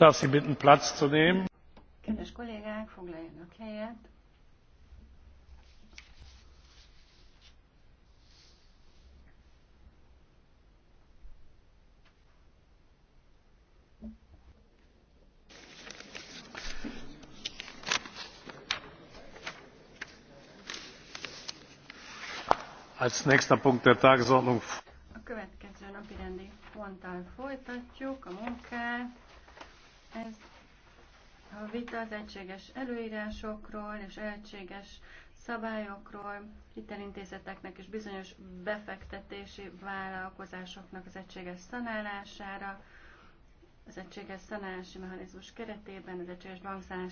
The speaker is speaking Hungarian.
Kedves kollégák, foglaljanak helyet. Als nächster A következő napirendi ponttal folytatjuk a munkát vita az egységes előírásokról és egységes szabályokról, hitelintézeteknek és bizonyos befektetési vállalkozásoknak az egységes szanálására, az egységes szanálási mechanizmus keretében, az egységes bankszanás